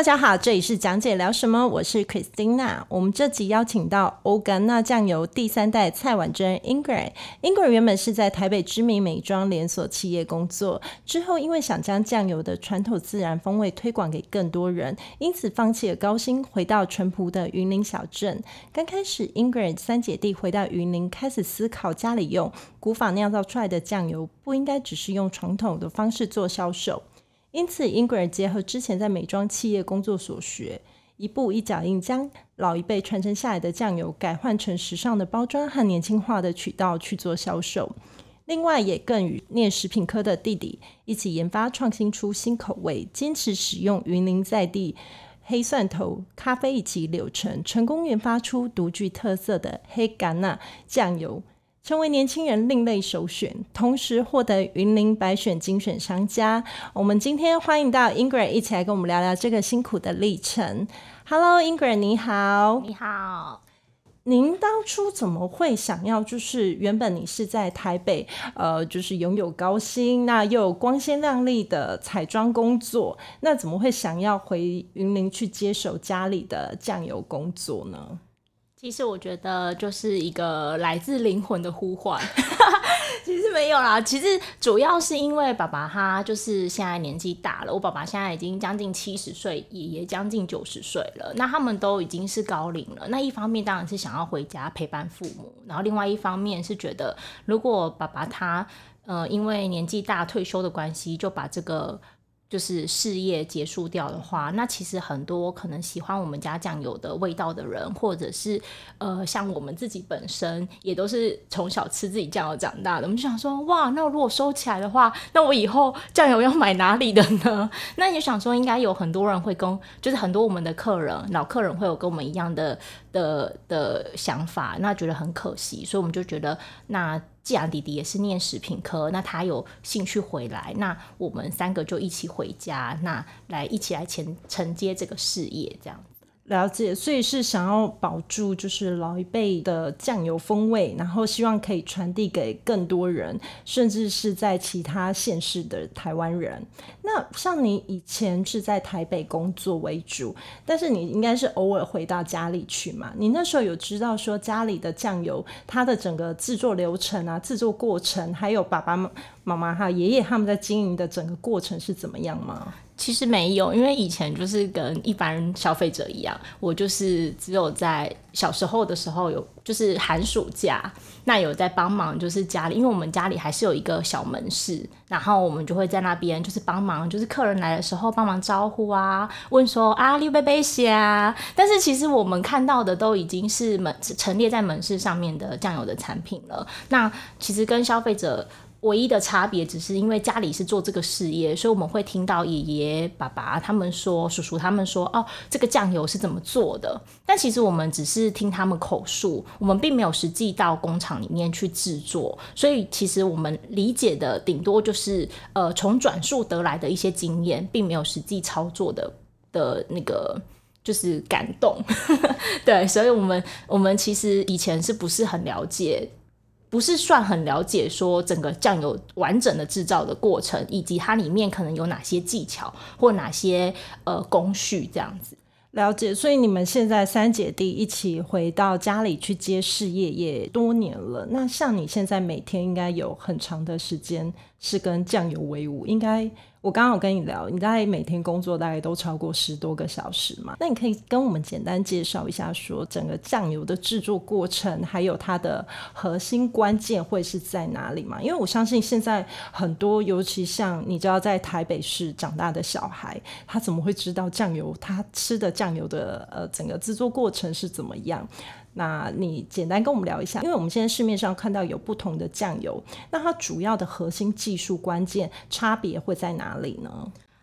大家好，這裡是講姐聊什麼，我是 Christina。我們這集邀請到歐甘娜醬油第三代蔡婉珍 Ingrid。Ingrid 原本是在台北知名美妝連鎖企業工作，之後因為想將醬油的傳統自然風味推廣給更多人，因此放棄了高薪，回到淳樸的雲林小鎮。剛開始，Ingrid 三姐弟回到雲林，開始思考家裡用古法釀造出來的醬油，不應該只是用傳統的方式做銷售。因此，Ingrid 結合之前在美妝企業工作所學，一步一腳印將老一輩傳承下來的醬油改換成時尚的包裝和年輕化的渠道去做銷售。另外，也更與念食品科的弟弟一起研發創新出新口味，堅持使用雲林在地黑蒜頭、咖啡以及柳橙，成功研發出獨具特色的黑矸仔醬油。成為年輕人另類首選，同時獲得雲林百選精選商家。我們今天歡迎到 Ingrid 一起來跟我們聊聊這個辛苦的歷程。Hello，Ingrid 你好，你好。您當初怎麼會想要，就是原本你是在台北，呃，就是擁有高薪，那又有光鮮亮麗的彩妝工作，那怎麼會想要回雲林去接手家裡的醬油工作呢？其實我覺得就是一個來自靈魂的呼喚， 其實沒有啦。其實主要是因為爸爸他就是現在年紀大了，我爸爸現在已經將近七十歲，爺爺將近九十歲了。那他們都已經是高齡了。那一方面當然是想要回家陪伴父母，然後另外一方面是覺得如果爸爸他呃因為年紀大退休的關係，就把這個。就是事業結束掉的話，那其實很多可能喜歡我們家醬油的味道的人，或者是呃，像我們自己本身也都是從小吃自己醬油長大的，我們就想說，哇，那如果收起來的話，那我以後醬油要買哪裡的呢？那也想說，應該有很多人會跟，就是很多我們的客人老客人會有跟我們一樣的的的想法，那覺得很可惜，所以我們就覺得那。既然弟弟也是念食品科，那他有興趣回來，那我們三個就一起回家，那來一起來承承接這個事業這樣。了解，所以是想要保住就是老一輩的醬油風味，然後希望可以傳遞給更多人，甚至是在其他縣市的台灣人。那像你以前是在台北工作為主，但是你應該是偶爾回到家裡去嘛？你那時候有知道說家裡的醬油它的整個制作流程啊、制作過程，還有爸爸媽媽和爺爺他們在經營的整個過程是怎麼樣嗎？其實沒有，因為以前就是跟一般消費者一樣，我就是只有在小時候的時候有，就是寒暑假那有在幫忙，就是家裡，因為我們家裡還是有一個小門市，然後我們就會在那邊就是幫忙，就是客人來的時候幫忙招呼啊，問說啊，立貝貝西啊。但是其實我們看到的都已經是門是陳列在門市上面的醬油的產品了。那其實跟消費者。唯一的差別只是因為家裡是做這個事業，所以我們會聽到爺爺、爸爸他們說，叔叔他們說，哦，這個醬油是怎麼做的。但其實我們只是聽他們口述，我們並沒有實際到工廠裡面去製作，所以其實我們理解的頂多就是呃從轉述得來的一些經驗，並沒有實際操作的的那個就是感動。 對，所以我們我們其實以前是不是很了解？不是算很了解，說整個醬油完整的制造的過程，以及它裡面可能有哪些技巧或哪些呃工序這樣子了解。所以你們現在三姐弟一起回到家裡去接事業也多年了。那像你現在每天應該有很長的時間是跟醬油為伍，應該。我剛好跟你聊，你大概每天工作大概都超過十多個小時嘛，那你可以跟我們簡單介紹一下說，說整個醬油的制作過程，還有它的核心關鍵會是在哪裡嘛？因為我相信現在很多，尤其像你知道在台北市長大的小孩，他怎麼會知道醬油？他吃的醬油的呃，整個制作過程是怎麼樣？那你簡單跟我們聊一下，因為我們現在市面上看到有不同的醬油，那它主要的核心技術關鍵差別會在哪裡呢？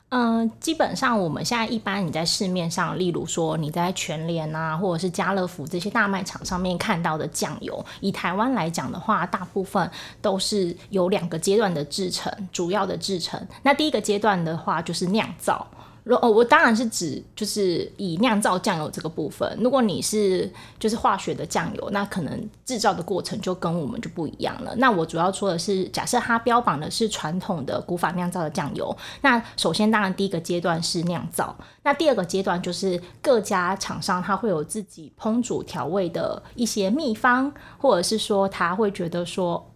嗯、呃，基本上我們現在一般你在市面上，例如說你在全聯啊，或者是家樂福這些大賣場上面看到的醬油，以台灣來講的話，大部分都是有兩個階段的製程，主要的製程。那第一個階段的話就是釀造。哦，我當然是指就是以釀造醬油這個部分。如果你是就是化學的醬油，那可能製造的過程就跟我們就不一樣了。那我主要說的是，假設它標榜的是傳統的古法釀造的醬油，那首先當然第一個階段是釀造，那第二個階段就是各家廠商他會有自己烹煮調味的一些秘方，或者是說他會覺得說。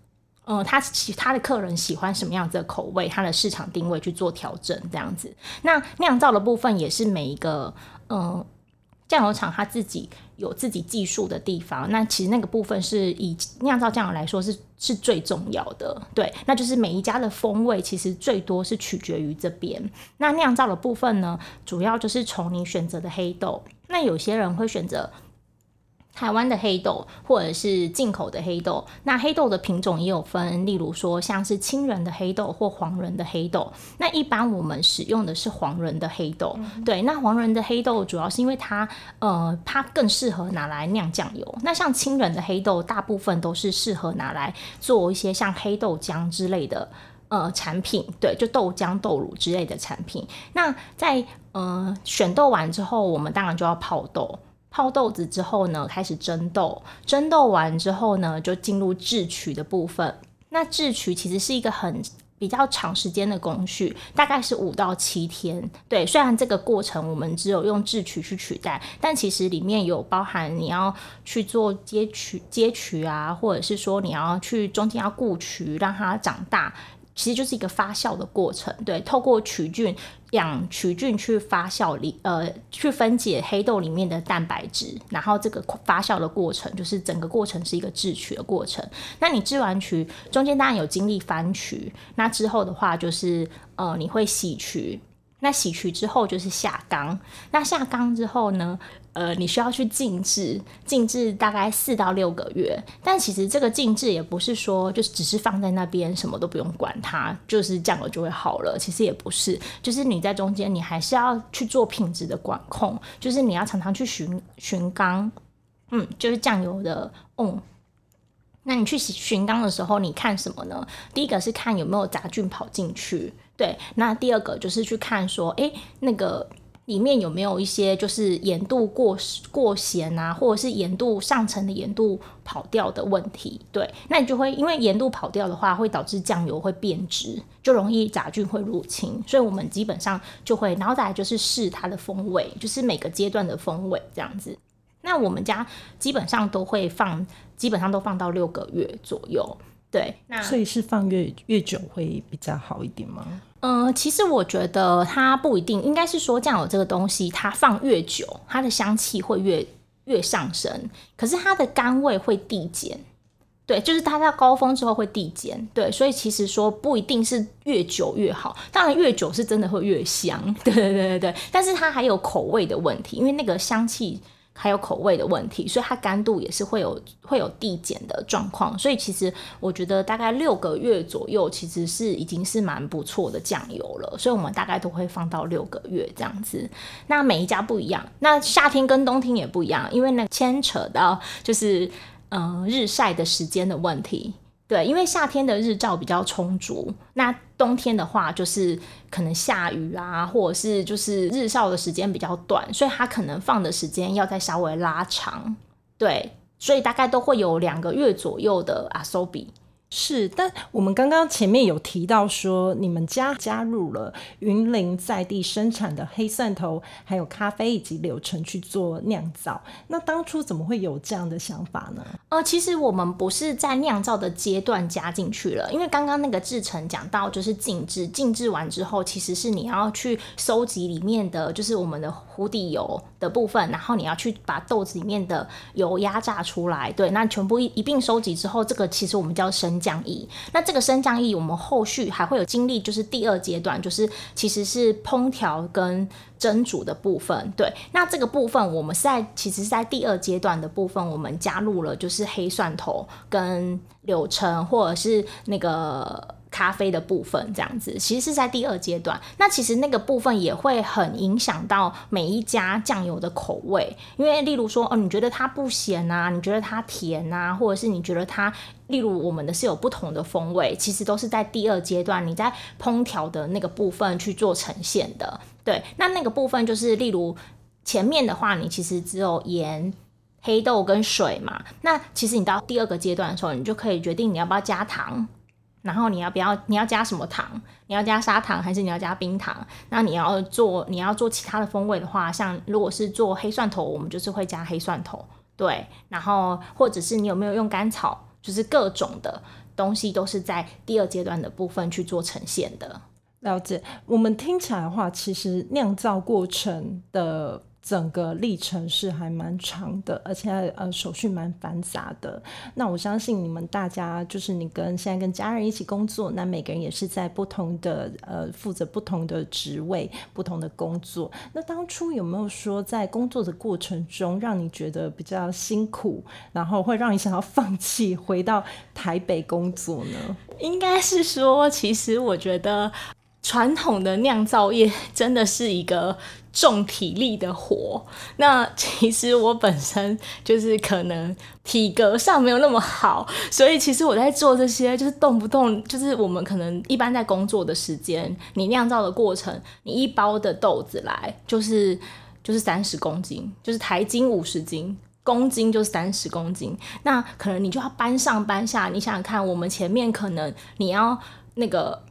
嗯、呃，他其他的客人喜歡什麼樣子的口味，他的市場定位去做調整這樣子。那釀造的部分也是每一個嗯、呃、醬油廠他自己有自己技術的地方。那其實那個部分是以釀造醬油來說，是是最重要的，對。那就是每一家的風味其實最多是取決於這邊。那釀造的部分呢，主要就是從你選擇的黑豆。那有些人會選擇。台灣的黑豆或者是進口的黑豆，那黑豆的品種也有分，例如說像是青仁的黑豆或黃仁的黑豆。那一般我們使用的是黃仁的黑豆，嗯、對。那黃仁的黑豆主要是因為它，呃，它更適合拿來釀醬油。那像青仁的黑豆，大部分都是適合拿來做一些像黑豆漿之類的呃產品，對，就豆漿、豆乳之類的產品。那在呃選豆完之後，我們當然就要泡豆。泡豆子之後呢，開始蒸豆。蒸豆完之後呢，就進入製麴的部分。那製麴其實是一個很比較長時間的工序，大概是五到七天。對，雖然這個過程我們只有用製麴去取代，但其實裡面有包含你要去做接麴、接麴啊，或者是說你要去中間要顧麴，讓它長大，其實就是一個發酵的過程。對，透過麴菌。養曲菌去發酵裡，呃，去分解黑豆裡面的蛋白質，然後這個發酵的過程就是整個過程是一個制曲的過程。那你制完曲，中間當然有經歷翻曲，那之後的話就是呃，你會洗曲，那洗曲之後就是下缸，那下缸之後呢？呃，你需要去靜置，靜置大概四到六個月。但其實這個靜置也不是說，就是只是放在那邊，什麼都不用管它，就是醬油就會好了。其實也不是，就是你在中間你還是要去做品質的管控，就是你要常常去巡巡缸，嗯，就是醬油的，嗯。那你去巡缸的時候，你看什麼呢？第一個是看有沒有雜菌跑進去，對。那第二個就是去看說，哎、欸，那個。裡面有沒有一些就是鹽度過過鹹啊，或者是鹽度上層的鹽度跑掉的問題？對，那你就會因為鹽度跑掉的話，會導致醬油會變質，就容易雜菌會入侵，所以我們基本上就會，然後再來就是試它的風味，就是每個階段的風味這樣子。那我們家基本上都會放，基本上都放到六個月左右。對那，所以是放越越久會比較好一點嗎？嗯、呃，其實我覺得它不一定，應該是說醬油這個東西，它放越久，它的香氣會越越上升，可是它的甘味會遞減。對，就是它到高峰之後會遞減。對，所以其實說不一定是越久越好，當然越久是真的會越香。對對對對對，但是它還有口味的問題，因為那個香氣。還有口味的問題，所以它甘度也是會有會有遞減的狀況。所以其實我覺得大概六個月左右，其實是已經是蠻不錯的醬油了。所以我們大概都會放到六個月這樣子。那每一家不一樣，那夏天跟冬天也不一樣，因為那牽扯到就是嗯、呃、日曬的時間的問題。對，因為夏天的日照比較充足，那冬天的話就是可能下雨啊，或者是就是日照的時間比較短，所以它可能放的時間要再稍微拉長。對，所以大概都會有兩個月左右的阿蘇比。是，但我們剛剛前面有提到說，你們家加入了雲林在地生產的黑蒜頭，還有咖啡以及柳橙去做釀造。那當初怎麼會有這樣的想法呢？呃，其實我們不是在釀造的階段加進去了，因為剛剛那個製程，講到就是靜置，靜置完之後，其實是你要去收集裡面的，就是我們的壺底油的部分，然後你要去把豆子裡面的油壓榨出來。對，那全部一一併收集之後，這個其實我們叫生醬液，那這個生醬液，我們後續還會有經歷，就是第二階段，就是其實是烹調跟蒸煮的部分。對，那這個部分，我們在其實是在第二階段的部分，我們加入了就是黑蒜頭跟柳橙，或者是那個。咖啡的部分這樣子，其實是在第二階段。那其實那個部分也會很影響到每一家醬油的口味，因為例如說，哦，你覺得它不鹹吶、啊，你覺得它甜吶、啊，或者是你覺得它，例如我們的是有不同的風味，其實都是在第二階段你在烹調的那個部分去做呈現的。對，那那個部分就是例如前面的話，你其實只有鹽、黑豆跟水嘛。那其實你到第二個階段的時候，你就可以決定你要不要加糖。然後你要不要？你要加什麼糖？你要加砂糖還是你要加冰糖？那你要做你要做其他的風味的話，像如果是做黑蒜頭，我們就是會加黑蒜頭，對。然後或者是你有沒有用甘草？就是各種的東西都是在第二階段的部分去做呈現的。了解。我們聽起來的話，其實釀造過程的。整個歷程是還蠻長的，而且呃手續蠻繁雜的。那我相信你們大家，就是你跟現在跟家人一起工作，那每個人也是在不同的呃負責不同的職位、不同的工作。那當初有沒有說在工作的過程中讓你覺得比較辛苦，然後會讓你想要放棄回到台北工作呢？應該是說，其實我覺得。傳統的釀造業真的是一個重體力的活。那其實我本身就是可能體格上沒有那麼好，所以其實我在做這些，就是動不動就是我們可能一般在工作的時間，你釀造的過程，你一包的豆子來就是就是三十公斤，就是台斤五十斤，公斤就是三十公斤，那可能你就要搬上搬下。你想想看，我們前面可能你要那個。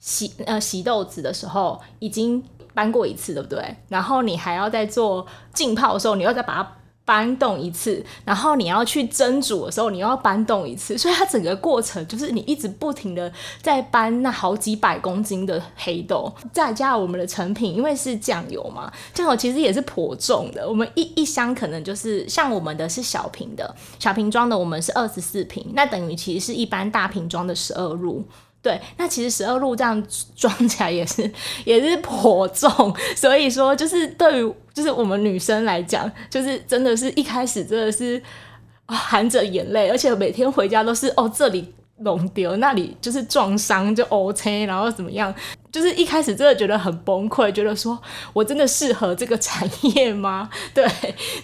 洗呃洗豆子的時候已經搬過一次，對不對？然後你還要在做浸泡的時候，你要再把它搬動一次，然後你要去蒸煮的時候，你要搬動一次，所以它整個過程就是你一直不停地在搬那好幾百公斤的黑豆，再加上我們的成品，因為是醬油嘛，醬油其實也是頗重的。我們一一箱可能就是像我們的是小瓶的小瓶裝的，我們是二十四瓶，那等於其實是一般大瓶裝的十二入。對，那其實十二路這樣裝起來也是也是頗重，所以說就是對於就是我們女生來講，就是真的是一開始真的是含着眼淚，而且每天回家都是哦這裡弄丟，那裡就是撞傷就 OK，然後怎麼樣？就是一開始真的覺得很崩潰，覺得說我真的適合這個產業嗎？對，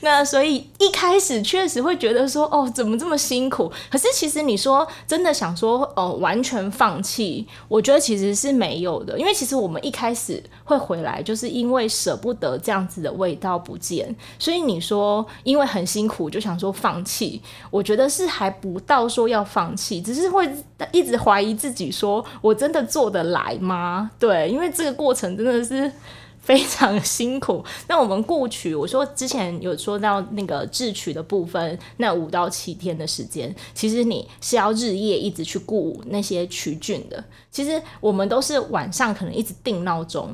那所以一開始確實會覺得說哦，怎麼這麼辛苦？可是其實你說真的想說哦、呃，完全放棄，我覺得其實是沒有的，因為其實我們一開始會回來，就是因為捨不得這樣子的味道不見。所以你說因為很辛苦就想說放棄，我覺得是還不到說要放棄，只是會一直懷疑自己，說我真的做得來嗎？對，因為這個過程真的是非常辛苦。那我們顧麴，我說之前有說到那個製麴的部分，那五到七天的時間，其實你是要日夜一直去顧那些麴菌的。其實我們都是晚上可能一直定鬧鐘，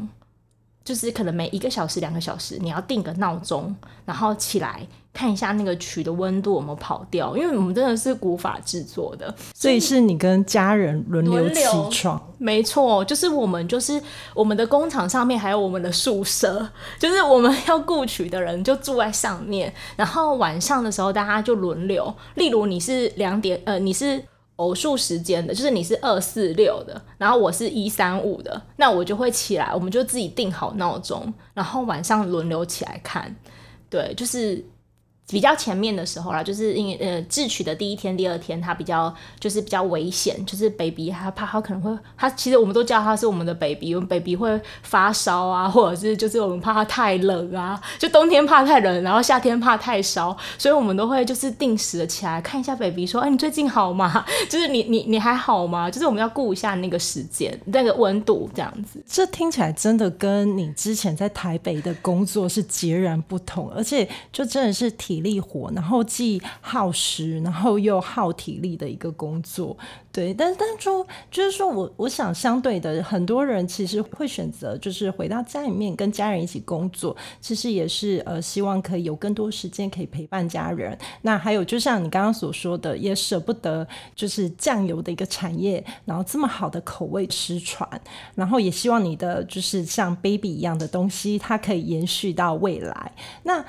就是可能每一個小時、兩個小時，你要定個鬧鐘，然後起來。看一下那個麴的溫度有沒有跑掉，因為我們真的是古法製作的所，所以是你跟家人輪流起床，沒錯，就是我們就是我們的工廠上面還有我們的宿舍，就是我們要顧麴的人就住在上面，然後晚上的時候大家就輪流，例如你是兩點呃，你是偶數時間的，就是你是二四六的，然後我是一三五的，那我就會起來，我們就自己定好鬧鐘，然後晚上輪流起來看，對，就是。比較前面的時候啦，就是因為呃智取的第一天、第二天，他比較就是比較危險，就是 baby 他怕，他可能會他其實我們都叫他是我們的 baby，我們 baby 會發燒啊，或者是就是我們怕他太冷啊，就冬天怕太冷，然後夏天怕太燒，所以我們都會就是定時的起來看一下 baby，說哎、欸、你最近好嗎？就是你你你還好嗎？就是我們要顧一下那個時間、那個溫度這樣子。這聽起來真的跟你之前在台北的工作是截然不同，而且就真的是挺。體力活，然後既耗時，然後又耗體力的一個工作，對。但是，當初就，就是說我，我想相對的，很多人其實會選擇，就是回到家裡面跟家人一起工作，其實也是呃，希望可以有更多時間可以陪伴家人。那還有，就像你剛剛所說的，也捨不得就是醬油的一個產業，然後這麼好的口味失傳，然後也希望你的就是像 baby 一樣的東西，它可以延續到未來。那。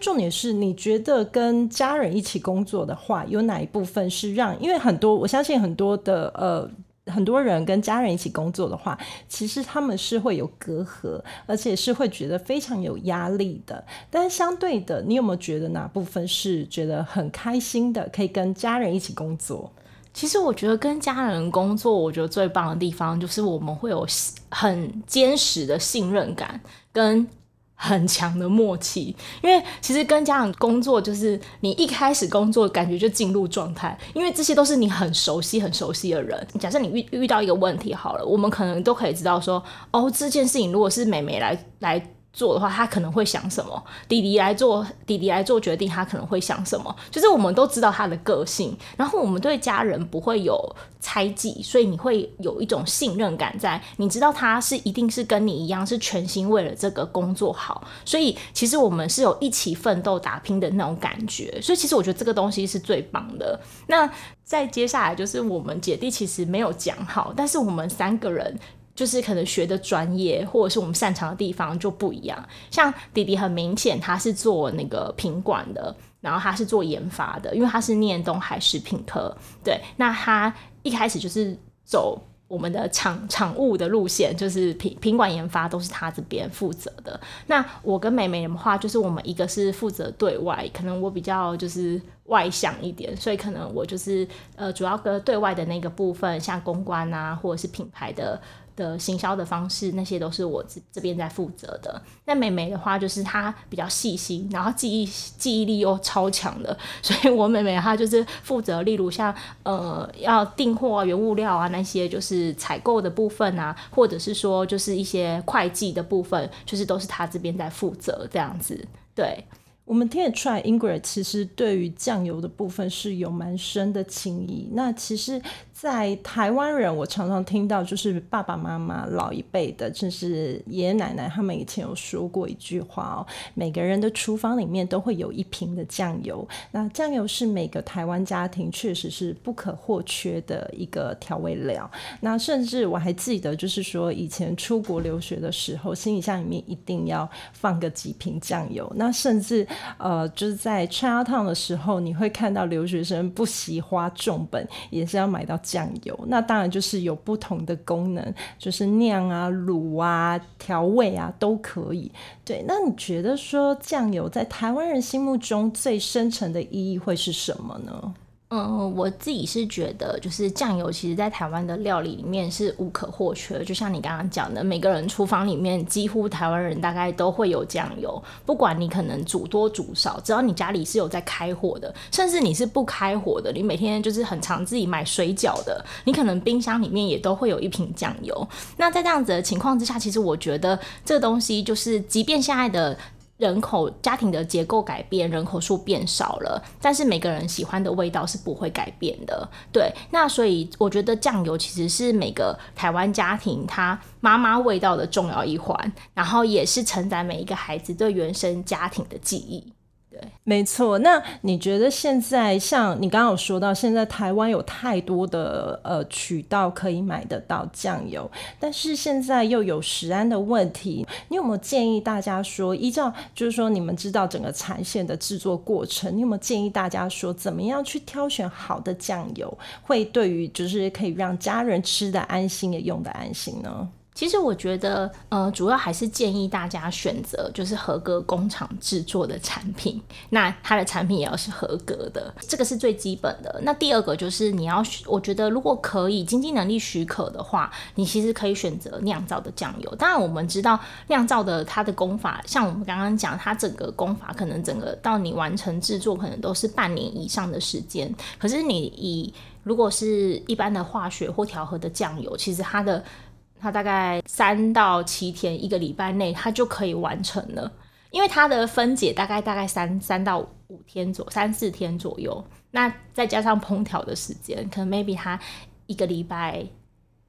重點是，你覺得跟家人一起工作的話，有哪一部分是讓？因為很多，我相信很多的呃，很多人跟家人一起工作的話，其實他們是會有隔閡，而且是會覺得非常有壓力的。但是相對的，你有沒有覺得哪部分是覺得很開心的？可以跟家人一起工作？其實我覺得跟家人工作，我覺得最棒的地方就是我們會有很堅實的信任感跟。很強的默契，因為其實跟家長工作就是，你一開始工作感覺就進入狀態，因為這些都是你很熟悉、很熟悉的人。假設你遇遇到一個問題好了，我們可能都可以知道說，哦，這件事情如果是妹妹來來。來做的話，他可能會想什麼？弟弟來做，弟弟來做決定，他可能會想什麼？就是我們都知道他的個性，然後我們對家人不會有猜忌，所以你會有一種信任感在。你知道他是一定是跟你一樣，是全心為了這個工作好，所以其實我們是有一起奮鬥打拼的那種感覺。所以其實我覺得這個東西是最棒的。那再接下來就是我們姐弟其實沒有講好，但是我們三個人。就是可能學的專業或者是我們擅長的地方就不一樣。像弟弟很明顯，他是做那個品管的，然後他是做研發的，因為他是念東海食品科。對，那他一開始就是走我們的廠廠務的路線，就是品品管研發都是他這邊負責的。那我跟妹妹的話，就是我們一個是負責對外，可能我比較就是外向一點，所以可能我就是呃主要跟對外的那個部分，像公關啊或者是品牌的的行銷的方式，那些都是我這邊在負責的。那妹妹的話，就是她比較細心，然後記憶記憶力又超強的，所以我妹妹她就是負責，例如像呃要訂貨啊、原物料啊那些，就是採購的部分啊，或者是說就是一些會計的部分，就是都是她這邊在負責這樣子，對。我們聽得出來，Ingrid 其實對於醬油的部分是有蠻深的情誼。那其實，在台灣人，我常常聽到就是爸爸媽媽老一輩的，甚至爺爺奶奶，他們以前有說過一句話哦：每個人的廚房裡面都會有一瓶的醬油。那醬油是每個台灣家庭確實是不可或缺的一個調味料。那甚至我還記得，就是說以前出國留學的時候，行李箱裡面一定要放個幾瓶醬油。那甚至。呃，就是在 Chinatown 的時候，你會看到留學生不惜花重本，也是要買到醬油。那當然就是有不同的功能，就是釀啊、滷啊、調味啊都可以。對，那你覺得說醬油在台灣人心目中最深層的意義會是什麼呢？嗯，我自己是覺得，就是醬油，其實，在台灣的料理裡面是不可或缺的。就像你剛剛講的，每個人廚房裡面，幾乎台灣人大概都會有醬油。不管你可能煮多煮少，只要你家裡是有在開火的，甚至你是不開火的，你每天就是很常自己買水餃的，你可能冰箱裡面也都會有一瓶醬油。那在這樣子的情況之下，其實我覺得這東西就是，即便現在的，人口家庭的結構改變，人口數變少了，但是每個人喜歡的味道是不會改變的。對，那所以我覺得醬油其實是每個台灣家庭他媽媽味道的重要一環，然後也是承載每一個孩子對原生家庭的記憶。沒錯，那你覺得現在像你剛剛有說到，現在台灣有太多的呃渠道，可以買得到醬油，但是現在又有食安的問題，你有沒有建議大家說，依照就是說你們知道整個產線的製作過程，你有沒有建議大家說，怎麼樣去挑選好的醬油，會對於就是可以讓家人吃得安心也用得安心呢？其實我覺得，呃，主要還是建議大家選擇就是合格工廠制作的產品，那它的產品也要是合格的，這個是最基本的。那第二個就是你要，我覺得如果可以經濟能力許可的話，你其實可以選擇釀造的醬油。當然我們知道釀造的它的工法，像我們剛剛講，它整個工法可能整個到你完成制作可能都是半年以上的時間。可是你以如果是一般的化學或調和的醬油，其實它的，它大概三到七天，一個禮拜內它就可以完成了，因為它的分解大概大概三三到五天左三四天左右，3，左右，那再加上烹調的時間，可能 maybe 它一個禮拜。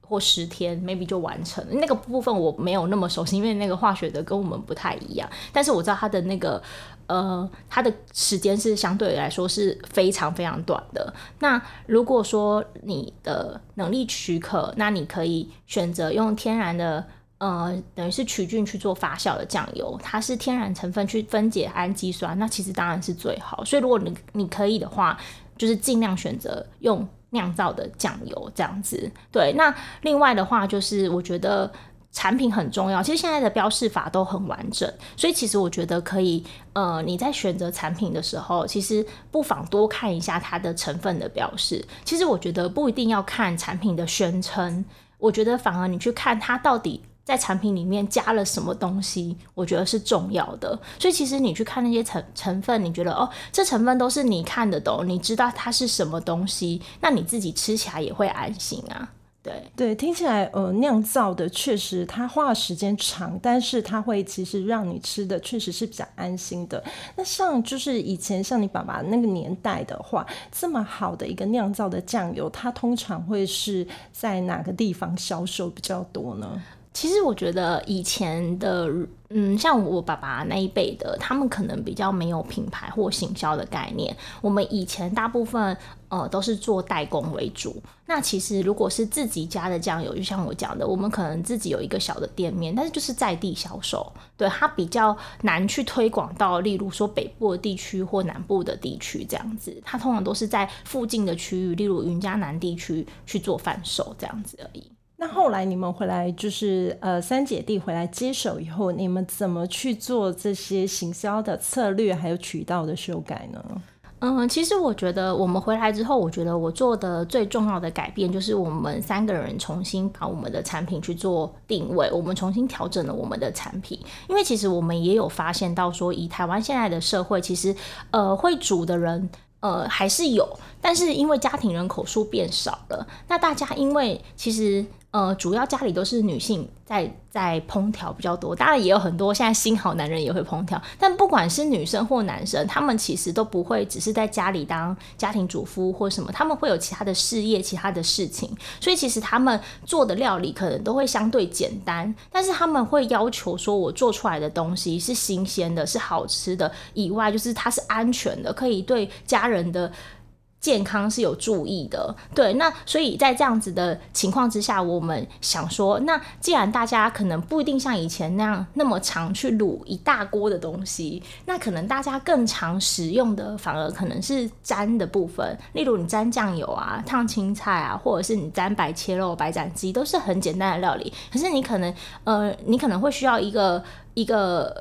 或十天，maybe 就完成，那個部分我沒有那麼熟悉，因為那個化學的跟我們不太一樣。但是我知道它的那個，呃，它的時間是相對來說是非常非常短的。那如果說你的能力許可，那你可以選擇用天然的，呃，等於是曲菌去做發酵的醬油，它是天然成分去分解氨基酸，那其實當然是最好。所以如果你你可以的話，就是盡量選擇用。釀造的醬油這樣子，對。那另外的話，就是我覺得產品很重要。其實現在的標示法都很完整，所以其實我覺得可以，呃，你在選擇產品的時候，其實不妨多看一下它的成分的標示。其實我覺得不一定要看產品的宣稱，我覺得反而你去看它到底。在產品裡面加了什麼東西，我覺得是重要的。所以其實你去看那些成成分，你覺得哦，這成分都是你看得懂，你知道它是什麼東西，那你自己吃起來也會安心啊。對對，聽起來呃，釀造的確實它花的時間長，但是它會其實讓你吃的確實是比較安心的。那像就是以前像你爸爸那個年代的話，這麼好的一個釀造的醬油，它通常會是在哪個地方銷售比較多呢？其實我覺得以前的，嗯，像我爸爸那一輩的，他們可能比較沒有品牌或行銷的概念。我們以前大部分呃都是做代工為主。那其實如果是自己家的醬油，就像我講的，我們可能自己有一個小的店面，但是就是在地銷售。對，它比較難去推廣到，例如說北部的地區或南部的地區這樣子。它通常都是在附近的區域，例如雲嘉南地區去做販售這樣子而已。那後來你們回來就是呃三姐弟回來接手以後，你們怎麼去做這些行銷的策略還有渠道的修改呢？嗯，其實我覺得我們回來之後，我覺得我做的最重要的改變就是我們三個人重新把我們的產品去做定位，我們重新調整了我們的產品，因為其實我們也有發現到說，以台灣現在的社會，其實呃會煮的人呃還是有，但是因為家庭人口數變少了，那大家因為其實。呃，主要家裡都是女性在在烹調比較多，當然也有很多現在新好男人也會烹調，但不管是女生或男生，他們其實都不會只是在家裡當家庭主婦或什麼，他們會有其他的事業、其他的事情，所以其實他們做的料理可能都會相對簡單，但是他們會要求說我做出來的東西是新鮮的、是好吃的，以外就是它是安全的，可以對家人的健康是有注意的，對。那所以在這樣子的情況之下，我們想說，那既然大家可能不一定像以前那樣那麼常去滷一大鍋的東西，那可能大家更常食用的反而可能是沾的部分，例如你沾醬油啊、燙青菜啊，或者是你沾白切肉、白斬雞，都是很簡單的料理。可是你可能，呃，你可能會需要一個一個。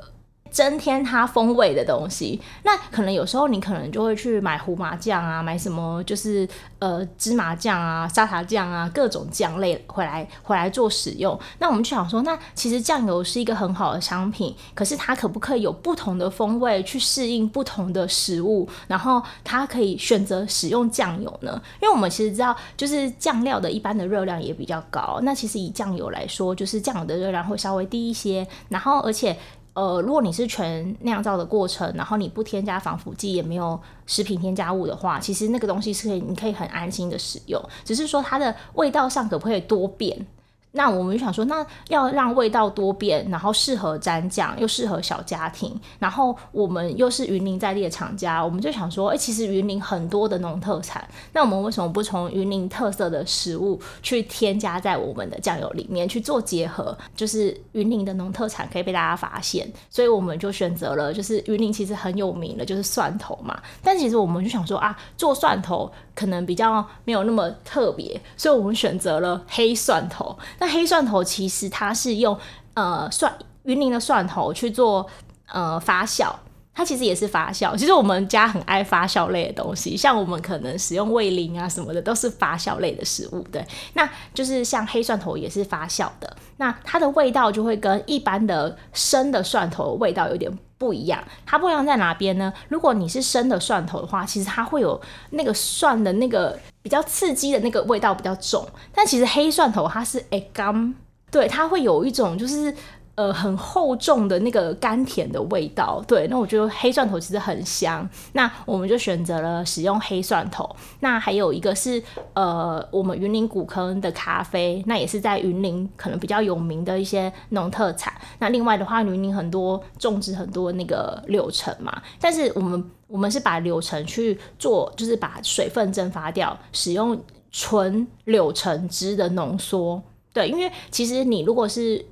增添它風味的東西，那可能有時候你可能就會去買胡麻醬啊，買什麼就是呃芝麻醬啊、沙茶醬啊，各種醬類回來回來做使用。那我們就想說，那其實醬油是一個很好的商品，可是它可不可以有不同的風味去適應不同的食物，然後它可以選擇使用醬油呢？因為我們其實知道，就是醬料的一般的熱量也比較高，那其實以醬油來說，就是醬油的熱量會稍微低一些，然後而且。呃，如果你是全釀造的過程，然後你不添加防腐劑，也沒有食品添加物的話，其實那個東西是可以，你可以很安心的使用。只是說它的味道上可不可以多變？那我們就想說，那要讓味道多變，然後適合蘸醬，又適合小家庭，然後我們又是雲林在地的廠家，我們就想說，哎、欸，其實雲林很多的農特產，那我們為什麼不從雲林特色的食物去添加在我們的醬油裡面去做結合？就是雲林的農特產可以被大家發現，所以我們就選擇了，就是雲林其實很有名的，就是蒜頭嘛。但其實我們就想說啊，做蒜頭。可能比較沒有那麼特別，所以我們選擇了黑蒜頭。那黑蒜頭其實它是用呃蒜雲林的蒜頭去做呃發酵，它其實也是發酵。其實我們家很愛發酵類的東西，像我們可能使用味醂啊什麼的，都是發酵類的食物。對，那就是像黑蒜頭也是發酵的，那它的味道就會跟一般的生的蒜頭的味道有點。不一樣，它不一樣在哪邊呢？如果你是生的蒜頭的話，其實它會有那個蒜的那個比較刺激的那個味道比較重，但其實黑蒜頭它是誒剛，對，它會有一種就是。呃，很厚重的那個甘甜的味道，對。那我覺得黑蒜頭其實很香，那我們就選擇了使用黑蒜頭。那還有一個是，呃，我們雲林古坑的咖啡，那也是在雲林可能比較有名的一些農特產。那另外的話，雲林很多種植很多那個柳橙嘛，但是我們我們是把柳橙去做，就是把水分蒸發掉，使用純柳橙汁的濃縮。對，因為其實你如果是。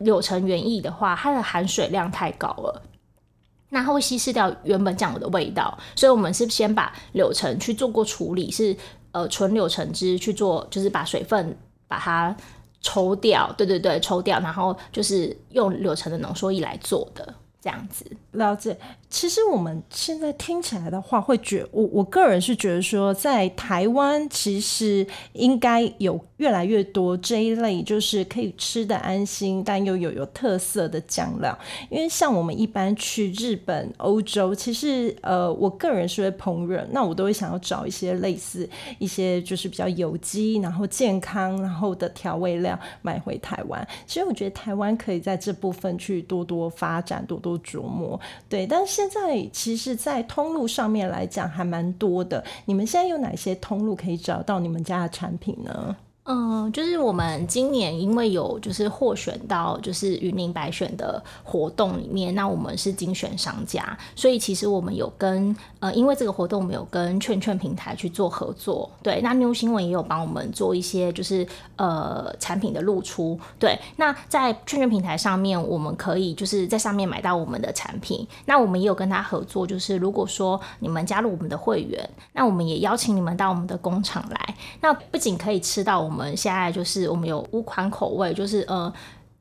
柳橙原液的話，它的含水量太高了，那它會稀釋掉原本醬油的味道，所以我們是先把柳橙去做過處理，是呃純柳橙汁去做，就是把水分把它抽掉，對對對，抽掉，然後就是用柳橙的濃縮液來做的。這樣子了解，其實我們現在聽起來的話，會覺我我個人是覺得說，在台灣其實應該有越來越多這一類，就是可以吃的安心但又有有有特色的醬料。因為像我們一般去日本、歐洲，其實呃，我個人是會烹飪，那我都會想要找一些類似一些就是比較有機，然後健康，然後的調味料買回台灣。其實我覺得台灣可以在這部分去多多發展，多多。琢磨，對，但現在其實，在通路上面來講還蠻多的。你們現在有哪些通路可以找到你們家的產品呢？嗯、呃，就是我們今年因為有就是獲選到就是雲林百選的活動裡面，那我們是精選商家，所以其實我們有跟呃，因為這個活動我們有跟券券平台去做合作，對，那妞新聞也有幫我們做一些就是呃產品的露出，對，那在券券平台上面我們可以就是在上面買到我們的產品，那我們也有跟他合作，就是如果說你們加入我們的會員，那我們也邀請你們到我們的工廠來，那不僅可以吃到我。我們現在就是我們有五款口味，就是呃，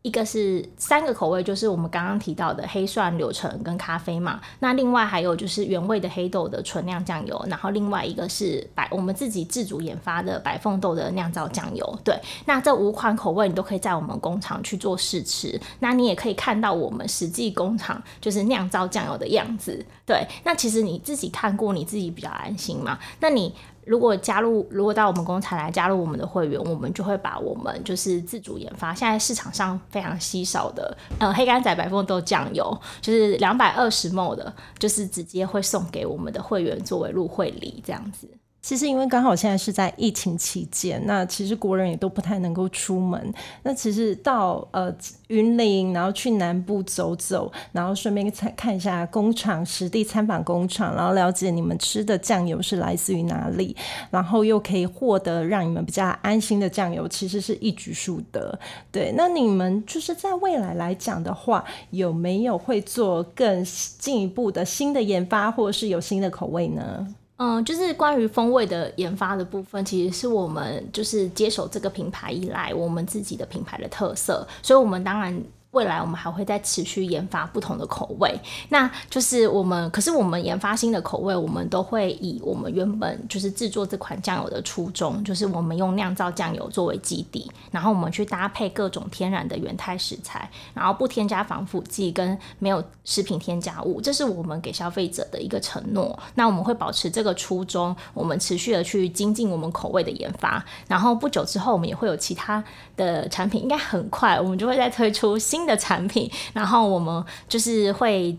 一個是三個口味，就是我們剛剛提到的黑蒜、柳橙跟咖啡嘛。那另外還有就是原味的黑豆的純釀醬油，然後另外一個是白我們自己自主研發的白鳳豆的釀造醬油。對，那這五款口味你都可以在我們工廠去做試吃，那你也可以看到我們實際工廠就是釀造醬油的樣子。對，那其實你自己看過，你自己比較安心嘛。那你。如果加入，如果到我們工廠來加入我們的會員，我們就會把我們就是自主研發，現在市場上非常稀少的，呃，黑矸仔白鳳豆醬油，就是兩百二十毫升的，就是直接會送給我們的會員作為入會禮，這樣子。其實因為剛好現在是在疫情期間，那其實國人也都不太能夠出門。那其實到呃雲林，然後去南部走走，然後順便看一下工廠，實地參訪工廠，然後了解你們吃的醬油是來自於哪裡，然後又可以獲得讓你們比較安心的醬油，其實是一舉數得。對，那你們就是在未來來講的話，有沒有會做更進一步的新的研發，或者是有新的口味呢？嗯，就是關於風味的研發的部分，其實是我們就是接手這個品牌以來，我們自己的品牌的特色，所以我們當然。未來我們還會再持續研發不同的口味，那就是我們，可是我們研發新的口味，我們都會以我們原本就是製作這款醬油的初衷，就是我們用釀造醬油作為基底，然後我們去搭配各種天然的原態食材，然後不添加防腐劑跟沒有食品添加物，這是我們給消費者的一個承諾。那我們會保持這個初衷，我們持續的去精進我們口味的研發，然後不久之後我們也會有其他的產品，應該很快我們就會再推出新。新的產品，然後我們就是會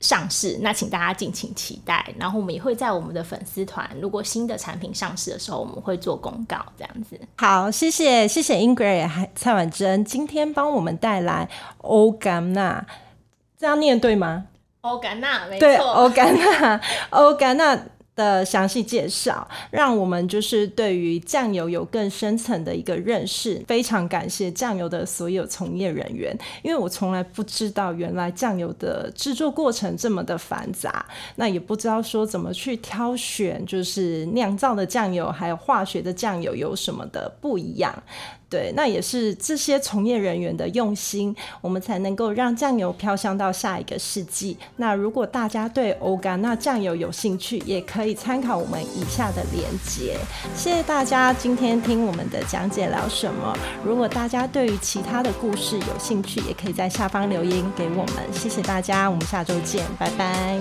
上市，那請大家敬請期待。然後我們也會在我們的粉絲團，如果新的產品上市的時候，我們會做公告，這樣子。好，謝謝，謝謝 Ingrid 還蔡宛貞今天幫我們帶來歐甘娜，這樣念對嗎？歐甘娜沒錯，對，歐甘娜，歐甘娜。的詳細介紹，讓我們就是對於醬油有更深層的一個認識。非常感謝醬油的所有從業人員，因為我從來不知道原來醬油的制作過程這麼的繁雜，那也不知道說怎麼去挑選，就是釀造的醬油還有化學的醬油有什麼的不一樣。對，那也是這些從業人員的用心，我們才能夠讓醬油飄香到下一個世紀。那如果大家對黑矸仔醬油有興趣，也可以參考我們以下的連接。謝謝大家今天聽我們的講姐聊什麼。如果大家對於其他的故事有興趣，也可以在下方留言給我們。謝謝大家，我們下週見，拜拜。